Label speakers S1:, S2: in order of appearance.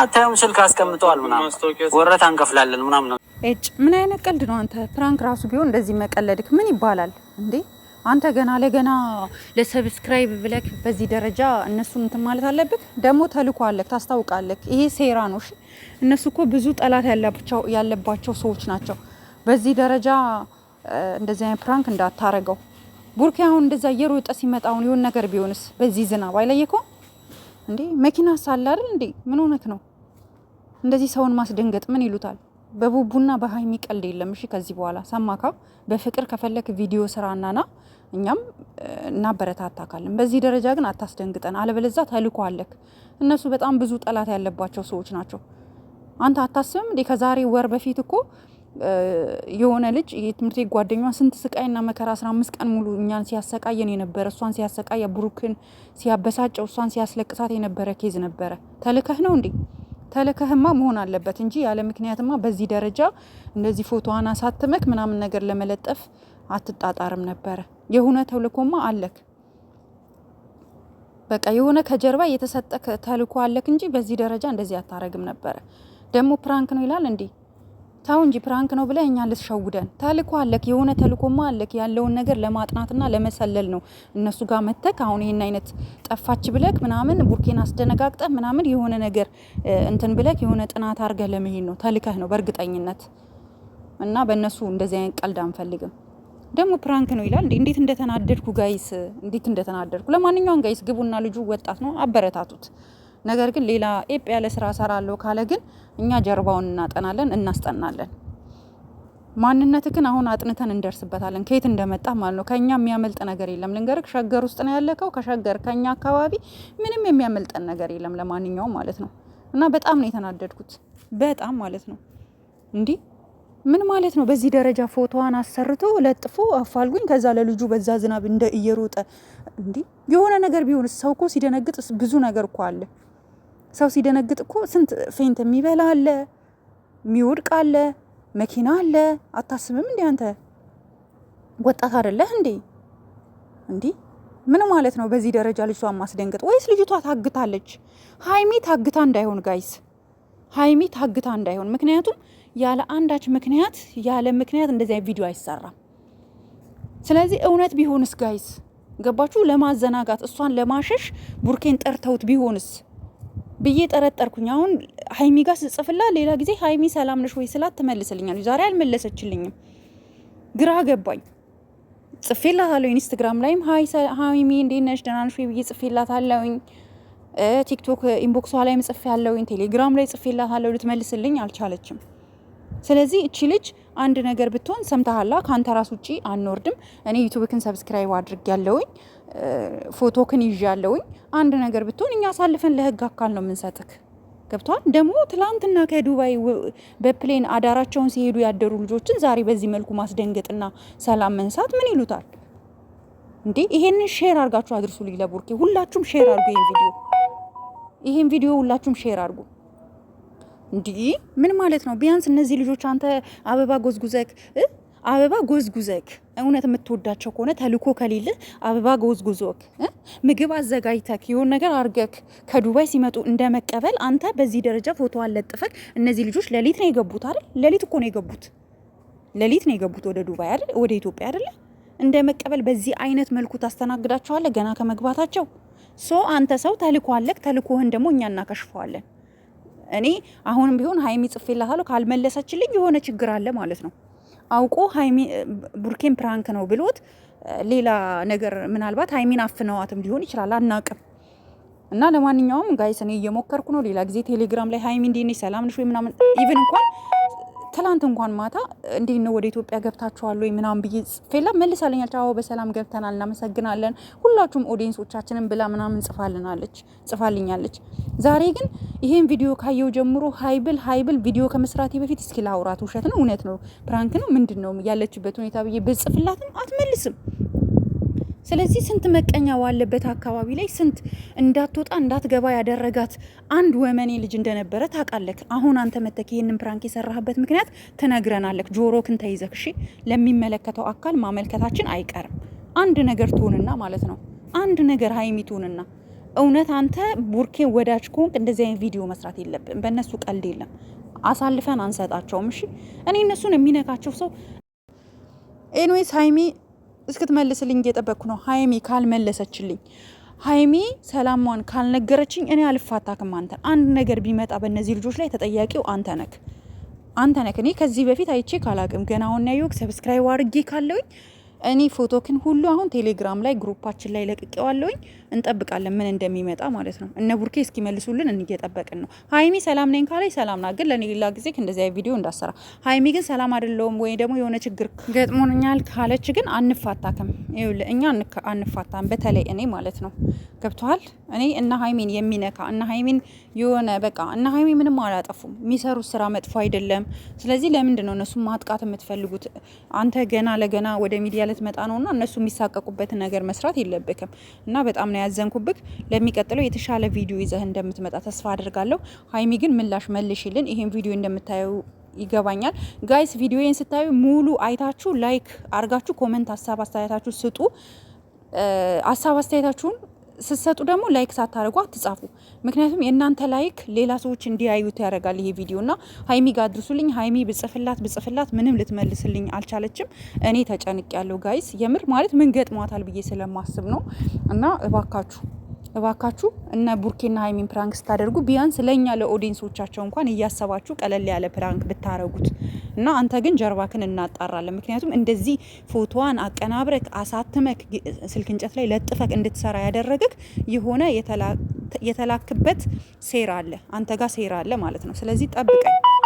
S1: አታዩም? ስልክ አስቀምጠዋል ምናምን ወረት አንከፍላለን ምናምን ነው።
S2: ኤጭ ምን አይነት ቀልድ ነው አንተ? ፕራንክ ራሱ ቢሆን እንደዚህ መቀለድክ ምን ይባላል እንዴ? አንተ ገና ለገና ለሰብስክራይብ ብለክ በዚህ ደረጃ እነሱን እንትን ማለት አለብክ። ደግሞ ተልኮ አለክ፣ ታስታውቃለክ። ይሄ ሴራ ነው። እሺ እነሱ እኮ ብዙ ጠላት ያለባቸው ያለባቸው ሰዎች ናቸው። በዚህ ደረጃ እንደዚህ አይነት ፕራንክ እንዳታረገው ቡርኪ። አሁን እንደዛ እየሮጠ ሲመጣ አሁን የሆነ ነገር ቢሆንስ? በዚህ ዝናብ አይለየከው እንዴ? መኪና ሳለ አይደል እንዴ? ምን ሆነክ ነው? እንደዚህ ሰውን ማስደንገጥ ምን ይሉታል? በቡቡና በሀይሚ ቀልድ የለም። እሺ ከዚህ በኋላ ሰማካ። በፍቅር ከፈለክ ቪዲዮ ስራና እናና እኛም እናበረታታካለን። በዚህ ደረጃ ግን አታስደንግጠን፣ አለበለዛ ተልኮ አለክ። እነሱ በጣም ብዙ ጠላት ያለባቸው ሰዎች ናቸው። አንተ አታስብም እንዴ? ከዛሬ ወር በፊት እኮ የሆነ ልጅ የትምህርት ጓደኛ ስንት ስቃይና መከራ አስራ አምስት ቀን ሙሉ እኛን ሲያሰቃየን የነበረ እሷን ሲያሰቃየ ብሩክን ሲያበሳጨው እሷን ሲያስለቅሳት የነበረ ኬዝ ነበረ። ተልከህ ነው እንዴ? ተልከህማ መሆን አለበት እንጂ ያለ ምክንያትማ በዚህ ደረጃ እንደዚህ ፎቶዋን አሳትመክ ምናምን ነገር ለመለጠፍ አትጣጣርም ነበረ። የሆነ ተልኮማ አለክ፣ በቃ የሆነ ከጀርባ የተሰጠ ተልኮ አለክ እንጂ በዚህ ደረጃ እንደዚህ አታረግም ነበረ። ደግሞ ፕራንክ ነው ይላል እንዴ? ተው እንጂ ፕራንክ ነው ብለህ እኛ ልትሸውደን። ተልኮ አለክ፣ የሆነ ተልኮማ አለክ። ያለውን ነገር ለማጥናትና ለመሰለል ነው እነሱ ጋር መተክ። አሁን ይህን አይነት ጠፋች ብለክ ምናምን ቡርኬን አስደነጋግጠህ ምናምን የሆነ ነገር እንትን ብለክ የሆነ ጥናት አድርገህ ለመሄድ ነው ተልከህ ነው በእርግጠኝነት። እና በእነሱ እንደዚህ አይነት ቀልድ አንፈልግም። ደግሞ ፕራንክ ነው ይላል። እንዴት እንደተናደድኩ ጋይስ፣ እንዴት እንደተናደድኩ። ለማንኛውም ጋይስ ግቡና ልጁ ወጣት ነው፣ አበረታቱት። ነገር ግን ሌላ ኤጲ ያለ ስራ ሰራለሁ ካለ ግን እኛ ጀርባውን እናጠናለን እናስጠናለን። ማንነት ግን አሁን አጥንተን እንደርስበታለን፣ ከየት እንደመጣ ማለት ነው። ከእኛ የሚያመልጥ ነገር የለም። ልንገርክ፣ ሸገር ውስጥ ነው ያለከው። ከሸገር ከእኛ አካባቢ ምንም የሚያመልጠን ነገር የለም፣ ለማንኛውም ማለት ነው። እና በጣም ነው የተናደድኩት፣ በጣም ማለት ነው። እንዲህ ምን ማለት ነው? በዚህ ደረጃ ፎቶዋን አሰርቶ ለጥፎ አፋልጉኝ፣ ከዛ ለልጁ በዛ ዝናብ እንደ እየሮጠ እንዲህ የሆነ ነገር ቢሆን ሰው እኮ ሲደነግጥ ብዙ ነገር እኮ አለ። ሰው ሲደነግጥ እኮ ስንት ፌንት የሚበላ አለ፣ የሚወድቅ አለ፣ መኪና አለ። አታስብም እንዲ አንተ? ወጣት አይደለህ እንዴ? እንዲህ ምን ማለት ነው? በዚህ ደረጃ ልጅቷ ማስደንግጥ ወይስ ልጅቷ ታግታለች? ሀይሚ ታግታ እንዳይሆን ጋይስ፣ ሀይሚ ታግታ እንዳይሆን። ምክንያቱም ያለ አንዳች ምክንያት ያለ ምክንያት እንደዚያ ቪዲዮ አይሰራም። ስለዚህ እውነት ቢሆንስ ጋይስ፣ ገባችሁ? ለማዘናጋት እሷን ለማሸሽ ቡርኬን ጠርተውት ቢሆንስ ብዬ ጠረጠርኩኝ። አሁን ሀይሚ ጋር ስጽፍላ ሌላ ጊዜ ሀይሚ ሰላም ነሽ ወይ ስላት ትመልስልኛለች። ዛሬ አልመለሰችልኝም፣ ግራ ገባኝ። ጽፌላታለሁ ኢንስትግራም ላይም ሀይሚ እንዴት ነሽ ደህና ነሽ ወይ ብዬ ጽፌላታለሁኝ። ቲክቶክ ኢንቦክሷ ላይም ጽፌያለሁኝ። ቴሌግራም ላይ ጽፌላታለሁ፣ ልትመልስልኝ አልቻለችም። ስለዚህ እቺ ልጅ አንድ ነገር ብትሆን ሰምተሃላ፣ ከአንተ ራስ ውጪ አንወርድም። እኔ ዩቱብክን ሰብስክራይብ አድርግ ያለውኝ ፎቶክን ይዣለውኝ አንድ ነገር ብትሆን እኛ አሳልፈን ለህግ አካል ነው የምንሰጥክ። ገብቷል። ደግሞ ትላንትና ከዱባይ በፕሌን አዳራቸውን ሲሄዱ ያደሩ ልጆችን ዛሬ በዚህ መልኩ ማስደንገጥና ሰላም መንሳት ምን ይሉታል እንዴ? ይሄንን ሼር አርጋችሁ አድርሱ። ልጅ ለቡርኬ ሁላችሁም ሼር አርጉ ይሄን ቪዲዮ ይሄን ቪዲዮ ሁላችሁም ሼር አርጉ። እንዲህ ምን ማለት ነው? ቢያንስ እነዚህ ልጆች አንተ አበባ ጎዝጉዘክ አበባ ጎዝጉዘክ እውነት የምትወዳቸው ከሆነ ተልኮ ከሌለ አበባ ጎዝጉዞክ ምግብ አዘጋጅተክ የሆን ነገር አርገክ ከዱባይ ሲመጡ እንደ መቀበል አንተ በዚህ ደረጃ ፎቶ አለጥፈክ። እነዚህ ልጆች ሌሊት ነው የገቡት አይደል? ሌሊት እኮ ነው የገቡት። ሌሊት ነው የገቡት ወደ ዱባይ አይደል? ወደ ኢትዮጵያ አይደለ? እንደ መቀበል በዚህ አይነት መልኩ ታስተናግዳቸዋለ ገና ከመግባታቸው። ሶ አንተ ሰው ተልኮ አለክ። ተልኮህን ደግሞ እኛ እናከሽፈዋለን። እኔ አሁንም ቢሆን ሀይሚ ጽፌላታለሁ። ካልመለሰችልኝ የሆነ ችግር አለ ማለት ነው። አውቆ ቡርኬን ፕራንክ ነው ብሎት ሌላ ነገር ምናልባት ሀይሚን አፍነዋትም ሊሆን ይችላል፣ አናቅም። እና ለማንኛውም ጋይስ እኔ እየሞከርኩ ነው። ሌላ ጊዜ ቴሌግራም ላይ ሀይሚ እንዴት ነሽ፣ ሰላም ነሽ ወይ ምናምን ኢቭን እንኳን ትላንት እንኳን ማታ እንዴት ነው ወደ ኢትዮጵያ ገብታችኋል ወይ ምናምን ብዬ ጽፌላ መልሳለኛል። ቻው በሰላም ገብተናል እናመሰግናለን ሁላችሁም ኦዲየንሶቻችንን ብላ ምናምን ጽፋልናለች ጽፋልኛለች። ዛሬ ግን ይሄን ቪዲዮ ካየው ጀምሮ ሀይብል ሀይብል ቪዲዮ ከመስራቴ በፊት እስኪ ላውራት፣ ውሸት ነው እውነት ነው ፕራንክ ነው ምንድን ነው ያለችበት ሁኔታ ብዬ ብጽፍላትም አትመልስም። ስለዚህ ስንት መቀኛ ባለበት አካባቢ ላይ ስንት እንዳትወጣ እንዳትገባ ያደረጋት አንድ ወመኔ ልጅ እንደነበረ ታውቃለህ። አሁን አንተ መተክ ይህንን ፕራንክ የሰራህበት ምክንያት ትነግረናለህ። ጆሮክን ተይዘህ እሺ፣ ለሚመለከተው አካል ማመልከታችን አይቀርም። አንድ ነገር ትሆንና ማለት ነው አንድ ነገር ሀይሚ ትሆንና እውነት አንተ ቡርኬ ወዳጅ ከሆንክ እንደዚህ አይነት ቪዲዮ መስራት የለብን። በእነሱ ቀልድ የለም፣ አሳልፈን አንሰጣቸውም። እሺ እኔ እነሱን የሚነካቸው ሰው ኤንዌስ ሀይሚ እስክትመልስልኝ እየጠበቅኩ ነው። ሀይሚ ካልመለሰችልኝ፣ ሀይሚ ሰላሟን ካልነገረችኝ እኔ አልፋታክም። አንተ አንድ ነገር ቢመጣ በእነዚህ ልጆች ላይ ተጠያቂው አንተ ነክ አንተ ነክ። እኔ ከዚህ በፊት አይቼ ካላቅም ገና አሁን ያየሁት ሰብስክራይብ አድርጌ ካለውኝ እኔ ፎቶክን ሁሉ አሁን ቴሌግራም ላይ ግሩፓችን ላይ ለቅቄዋለሁኝ። እንጠብቃለን ምን እንደሚመጣ ማለት ነው። እነ ቡርኬ እስኪመልሱልን እየጠበቅን ነው። ሀይሚ ሰላም ነኝ ካላይ ሰላም ና፣ ግን ሌላ ጊዜ እንደዚያ ቪዲዮ እንዳሰራ። ሀይሚ ግን ሰላም አይደለውም ወይ ደግሞ የሆነ ችግር ገጥሞኛል ካለች ግን አንፋታክም። እኛ አንፋታም፣ በተለይ እኔ ማለት ነው ገብቷል እኔ እነ ሀይሜን የሚነካ እነ ሀይሜን የሆነ በቃ እነ ሀይሜ ምንም አላጠፉም። የሚሰሩት ስራ መጥፎ አይደለም። ስለዚህ ለምንድን ነው እነሱ ማጥቃት የምትፈልጉት? አንተ ገና ለገና ወደ ሚዲያ ልትመጣ ነውና እነሱ የሚሳቀቁበትን ነገር መስራት የለብክም እና በጣም ነው ያዘንኩብክ። ለሚቀጥለው የተሻለ ቪዲዮ ይዘህ እንደምትመጣ ተስፋ አድርጋለሁ። ሀይሚ ግን ምላሽ መልሽልን። ይሄን ቪዲዮ እንደምታየው ይገባኛል ጋይስ። ቪዲዮዬን ስታዩ ሙሉ አይታችሁ ላይክ አርጋችሁ ኮመንት፣ ሀሳብ አስተያየታችሁ ስጡ። ሀሳብ አስተያየታችሁን ስትሰጡ ደግሞ ላይክ ሳታደርጉ አትጻፉ። ምክንያቱም የእናንተ ላይክ ሌላ ሰዎች እንዲያዩት ያደርጋል ይሄ ቪዲዮ እና ሀይሚ ጋር አድርሱልኝ። ሀይሚ ብጽፍላት ብጽፍላት ምንም ልትመልስልኝ አልቻለችም። እኔ ተጨንቅ ያለው ጋይስ የምር ማለት ምን ገጥሟታል ብዬ ስለማስብ ነው እና እባካችሁ እባካችሁ እነ ቡርኬና ሀይሚን ፕራንክ ስታደርጉ ቢያንስ ለእኛ ለኦዲንሶቻቸው እንኳን እያሰባችሁ ቀለል ያለ ፕራንክ ብታረጉት እና አንተ ግን ጀርባክን እናጣራለን። ምክንያቱም እንደዚህ ፎቶዋን አቀናብረክ አሳትመክ ስልክ እንጨት ላይ ለጥፈክ እንድትሰራ ያደረገክ የሆነ የተላክበት ሴራ አለ፣ አንተ ጋር ሴራ አለ ማለት ነው። ስለዚህ ጠብቀኝ።